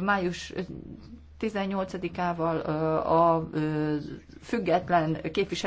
május 18-ával a független képviselő